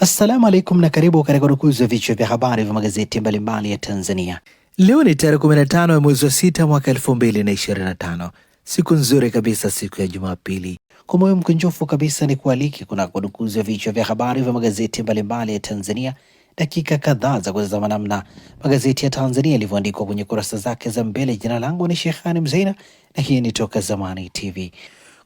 Assalamu alaikum na karibu katika udukuzi wa vichwa vya habari vya magazeti mbalimbali ya Tanzania. Leo ni tarehe 15 ya mwezi wa sita mwaka 2025. Siku nzuri kabisa, siku ya Jumapili. Kwa moyo mkunjofu kabisa ni kualiki kuna udukuzi wa vichwa vya habari vya magazeti mbalimbali ya Tanzania, dakika kadhaa za kutazama namna magazeti ya Tanzania yalivyoandikwa kwenye kurasa zake za mbele. Jina langu ni shehani Mzeina na hii ni Toka Zamani TV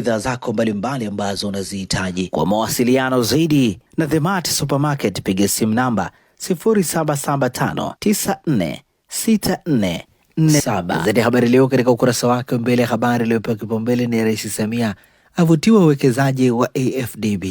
bidhaa zako mbalimbali ambazo unazihitaji. Kwa mawasiliano zaidi na The Mart Supermarket, piga simu namba 0775946447. Zaidi ya habari leo katika ukurasa wake mbele, ya habari iliyopewa kipaumbele ni Rais Samia avutiwa uwekezaji wa AfDB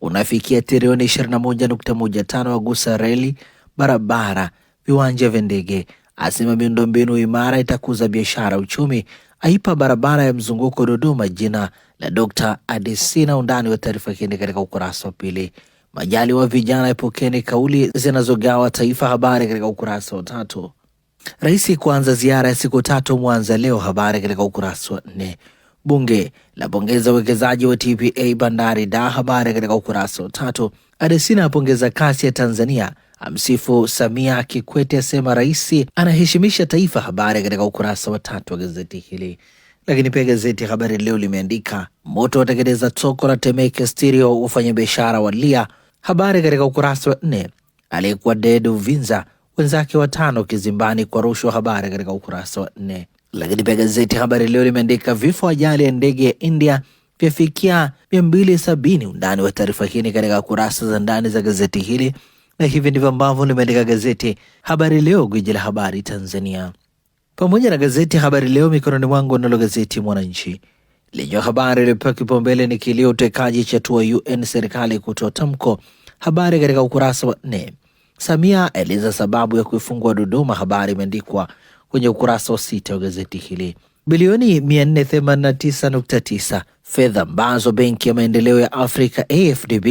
unafikia trilioni 21.15, wagusa reli, barabara, viwanja vya ndege asema miundombinu imara itakuza biashara, uchumi, aipa barabara ya mzunguko Dodoma jina la d adesina undani wa taarifa hii katika ukurasa wa pili. Majali wa vijana ipokeni kauli zinazogawa taifa, habari katika ukurasa wa tatu. Rais kuanza ziara ya siku tatu Mwanza leo, habari katika ukurasa wa nne. Bunge lapongeza uwekezaji wa TPA bandari da, habari katika ukurasa wa tatu. Adesina apongeza kasi ya Tanzania amsifu Samia Kikwete, asema rais anaheshimisha taifa. Habari katika ukurasa wa tatu wa gazeti hili. Lakini pia gazeti Habari Leo limeandika moto watekeleza soko la Temeke Stereo, wafanyabiashara walia. Habari katika ukurasa wa nne. Aliyekuwa Ded Uvinza wenzake watano kizimbani kwa rushwa. Habari katika ukurasa wa nne. Lakini pia gazeti Habari Leo limeandika vifo ajali ya ndege ya India vyafikia mia mbili sabini. Undani wa taarifa hii ni katika kurasa za ndani za gazeti hili na hivi ndivyo ambavyo nimeandika gazeti Habari Leo, gwiji la habari Tanzania, pamoja na gazeti Habari Leo mikononi mwangu. Nalo gazeti Mwananchi lenye habari iliyopewa kipaumbele ni kilio utekaji cha tua UN serikali kutoa tamko, habari katika ukurasa wa nne. Samia aeleza sababu ya kuifungua Dodoma, habari imeandikwa kwenye ukurasa wa sita wa gazeti hili. Bilioni 489.9 fedha ambazo Benki ya Maendeleo ya Afrika AFDB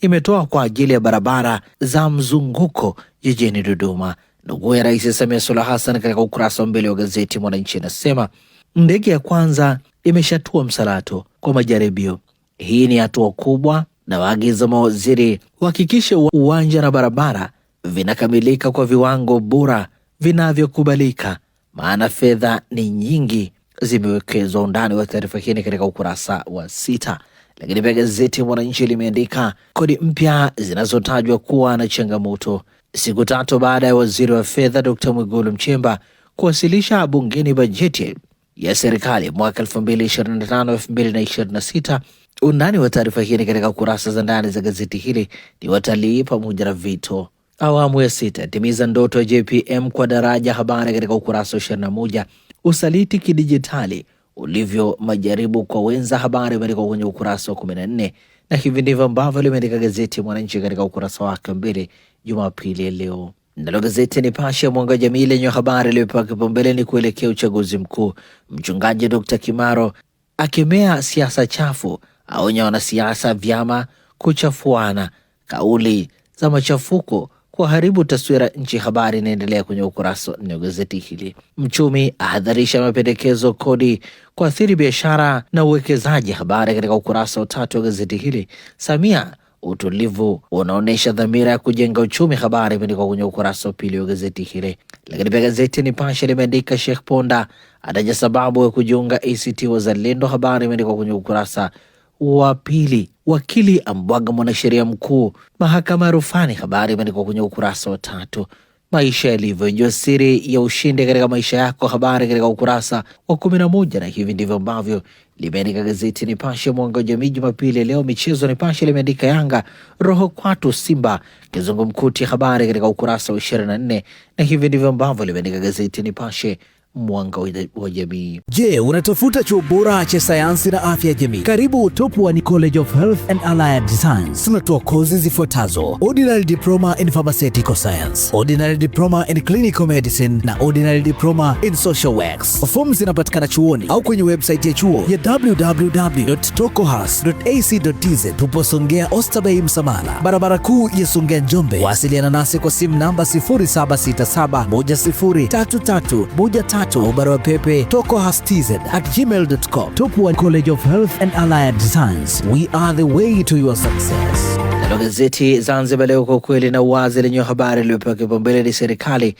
imetoa kwa ajili ya barabara za mzunguko jijini Dodoma. Nukuu ya Rais Samia Suluhu Hassan katika ukurasa wa mbele wa gazeti Mwananchi inasema ndege ya kwanza imeshatua Msalato kwa majaribio. Hii ni hatua kubwa, na waagiza mawaziri wahakikishe uwanja na barabara vinakamilika kwa viwango bora vinavyokubalika, maana fedha ni nyingi zimewekezwa. Undani wa taarifa hii katika ukurasa wa sita. Lakini pia gazeti ya Mwananchi limeandika kodi mpya zinazotajwa kuwa na changamoto, siku tatu baada ya waziri wa fedha Dr. Mwigulu Mchemba kuwasilisha bungeni bajeti ya serikali mwaka 2025 2026. Undani wa taarifa hii ni katika kurasa za ndani za gazeti hili. Ni watalii pamoja na vito awamu ya sita timiza ndoto ya JPM kwa daraja, habari katika ukurasa wa 21. Usaliti kidijitali ulivyo majaribu kwa wenza. Habari imeandikwa kwenye ukurasa wa kumi na nne na hivi ndivyo ambavyo limeandika gazeti ya Mwananchi katika ukurasa wake mbili Jumapili ya leo. Nalo gazeti ya Nipashe ya mwanga wa jamii lenye habari iliyopewa kipaumbele ni kuelekea uchaguzi mkuu. Mchungaji Dr. Kimaro akemea siasa chafu, aonya wanasiasa vyama kuchafuana, kauli za machafuko kuharibu taswira nchi. Habari inaendelea kwenye ukurasa wa nne wa gazeti hili. Mchumi ahadharisha mapendekezo kodi kuathiri biashara na uwekezaji, habari katika ukurasa wa tatu wa gazeti hili. Samia utulivu unaonyesha dhamira ya kujenga uchumi, habari imeandikwa kwenye ukurasa wa pili wa gazeti hili. Lakini pia gazeti Nipashe limeandika Sheikh Ponda ataja sababu ya kujiunga ACT Wazalendo, habari imeandikwa kwenye ukurasa wa pili. Wakili ambwaga mwanasheria mkuu mahakama ya rufani. Habari imeandikwa kwenye ukurasa wa tatu. Maisha yalivyo, jua siri ya ushindi katika maisha yako, habari katika ukurasa wa kumi na moja. Na hivi ndivyo ambavyo limeandika gazeti Nipashe mwanga wa jamii Jumapili leo. Michezo Nipashe limeandika Yanga roho kwatu Simba kizungumkuti, habari katika ukurasa wa ishirini na nne. Na hivi ndivyo ambavyo limeandika gazeti Nipashe mwanga wa jamii. Je, unatafuta chuo bora cha sayansi na afya ya jamii? Karibu One College of Health and Allied Science. Tunatoa kozi zifuatazo: ordinary diploma in pharmaceutical science, ordinary diploma in clinical medicine na ordinary diploma in social works. Fomu zinapatikana chuoni au kwenye website ya chuo ya www.tokohas.ac.tz. Tupo Songea osterbay Msamala, barabara kuu ya Songea Njombe. Wasiliana nasi kwa simu namba 0767103313 tatu au barua pepe tokohastz at gmail.com. College of Health and Allied Science, we are the way to your success. Nalo gazeti Zanzibar Leo, kwa kweli na uwazi, lenye habari iliyopewa kipaumbele ni serikali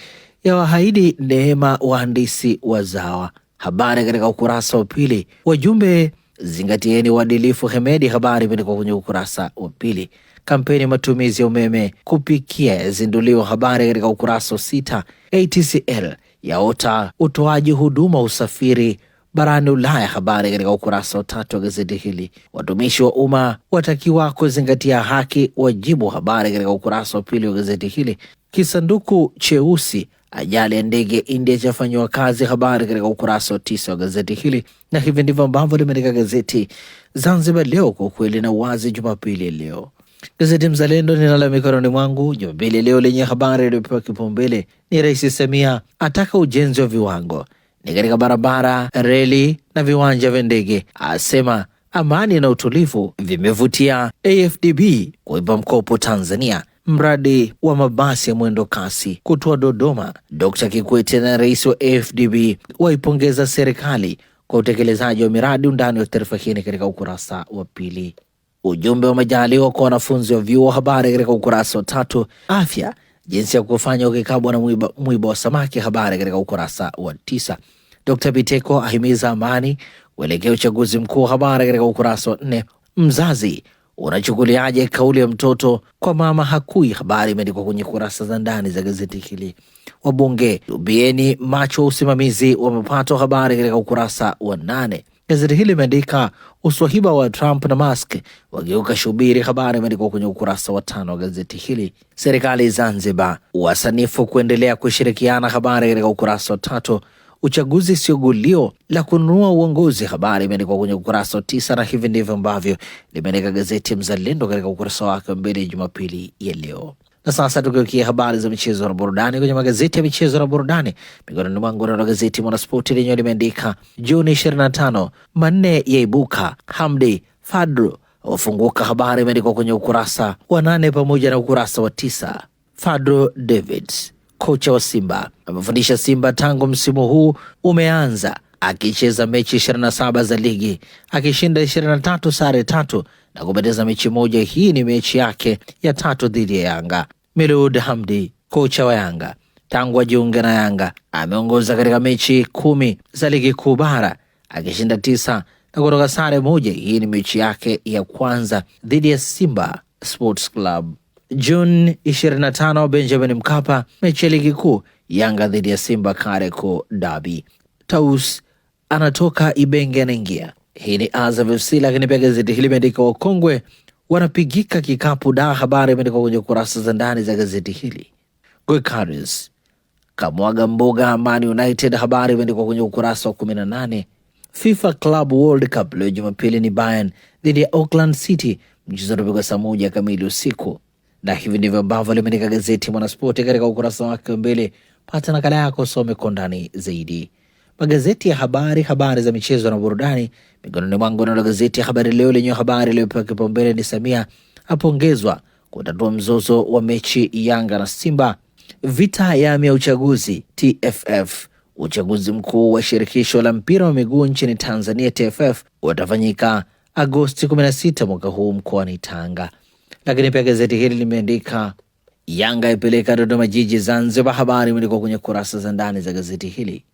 ya wahaidi neema wahandisi wazawa. Habari katika ukurasa wa pili. Wajumbe zingatieni uadilifu Hemedi, habari imeandikwa kwenye ukurasa wa pili. Kampeni matumizi ya umeme kupikia zinduliwa. habari katika ukurasa wa sita. ATCL yaota utoaji huduma usafiri barani Ulaya. Habari katika ukurasa wa tatu wa gazeti hili. Watumishi wa umma watakiwa kuzingatia haki, wajibu. Habari katika ukurasa wa pili wa gazeti hili. Kisanduku cheusi ajali ya ndege ya India chafanyiwa kazi. Habari katika ukurasa wa tisa wa gazeti hili, na hivi ndivyo ambavyo limeandika gazeti Zanzibar Leo, kwa ukweli na uwazi, Jumapili leo. Gazeti Mzalendo ninalo mikononi mwangu Jumapili leo lenye habari iliyopewa kipaumbele ni Rais Samia ataka ujenzi wa viwango ni katika barabara, reli na viwanja vya ndege, asema amani na utulivu vimevutia AFDB kuipa mkopo Tanzania mradi wa mabasi ya mwendo kasi kutoa Dodoma. Dkt Kikwete na rais wa AFDB waipongeza serikali kwa utekelezaji wa miradi. Undani wa taarifa hii katika ukurasa wa pili. Ujumbe umejaliwa kwa wanafunzi wa vyuo habari katika ukurasa wa tatu. Afya, jinsi ya kufanya ukikabwa na mwiba, mwiba wa samaki, habari katika ukurasa wa tisa. d Biteko ahimiza amani kuelekea uchaguzi mkuu, habari katika ukurasa wa nne. Mzazi, unachukuliaje kauli ya mtoto kwa mama hakui? Habari imeandikwa kwenye kurasa za ndani za gazeti hili. Wabunge, tubieni macho usimamizi wa mapato, habari katika ukurasa wa nane. Gazeti hili limeandika uswahiba wa Trump na Musk wageuka shubiri. Habari imeandikwa kwenye ukurasa wa tano wa gazeti hili. Serikali Zanzibar, wasanifu kuendelea kushirikiana. Habari katika ukurasa wa tatu. Uchaguzi sio gulio la kununua uongozi. Habari imeandikwa kwenye ukurasa wa tisa, na hivi ndivyo ambavyo limeandika gazeti Mzalendo katika ukurasa wake wa mbele Jumapili ya leo. Na sasa tukiokia habari za michezo na burudani kwenye magazeti ya michezo na burudani mikononi mwangu, na gazeti Mwanaspoti lenyewe limeandika Juni 25 manne yaibuka, Hamdi Fadru wafunguka. Habari imeandikwa kwenye ukurasa wa nane pamoja na ukurasa wa tisa. Fadru David kocha wa Simba, amefundisha Simba tangu msimu huu umeanza akicheza mechi 27 za ligi akishinda 23, sare tatu na kupoteza mechi moja. Hii ni mechi yake ya tatu dhidi ya Yanga. Miloud Hamdi, kocha wa Yanga, tangu ajiunge na Yanga ameongoza katika mechi kumi za ligi kuu bara akishinda tisa na kutoka sare moja. Hii ni mechi yake ya kwanza dhidi ya Simba Sports Club. Juni 25 Benjamin Mkapa, mechi ya ligi kuu, Yanga dhidi ya Simba Kareko Dabi. Taus anatoka Ibenge anaingia. Hii ni Azam FC, lakini pia gazeti hili limeandika wakongwe wanapigika kikapu. Da, habari imeandikwa kwenye kurasa za ndani za gazeti hili. Goikarins kamwaga mboga Man United, habari imeandikwa kwenye ukurasa wa nane. FIFA Club World Cup leo Jumapili ni Bayern dhidi ya Auckland City, mchezo unapigwa saa moja kamili usiku, na hivi ndivyo ambavyo limeandika gazeti Mwanaspoti katika ukurasa wake wa mbele. Pata nakala yako, some kwa ndani zaidi magazeti ya habari, habari za michezo na burudani. Mikononi mwangu na gazeti ya Habari Leo lenye habari iliyopewa kipaumbele ni Samia apongezwa kutatua mzozo wa mechi Yanga na Simba, vita ya mia uchaguzi TFF. Uchaguzi mkuu wa shirikisho la mpira wa miguu nchini Tanzania TFF utafanyika Agosti 16 mwaka huu mkoani Tanga. Lakini pia gazeti hili limeandika Yanga ipeleka Dodoma Jiji Zanzibar. Habari imeandikwa kwenye kurasa za ndani za gazeti hili.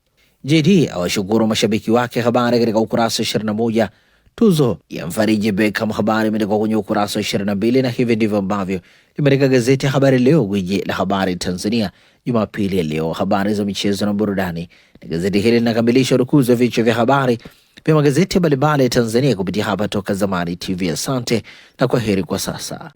JD awashukuru mashabiki wake. Habari katika ukurasa wa moja. Tuzo ya mfariji Beckham, habari imeandikwa kwenye ukurasa wa 22, na hivi ndivyo ambavyo limeandika gazeti ya Habari Leo, gwiji la habari Tanzania, Jumapili ya leo. Habari za michezo na burudani, na gazeti hili linakamilisha urukuzi wa vichwa vya habari vya magazeti mbalimbali ya Tanzania kupitia hapa Toka Zamani TV. Asante na kwaheri kwa sasa.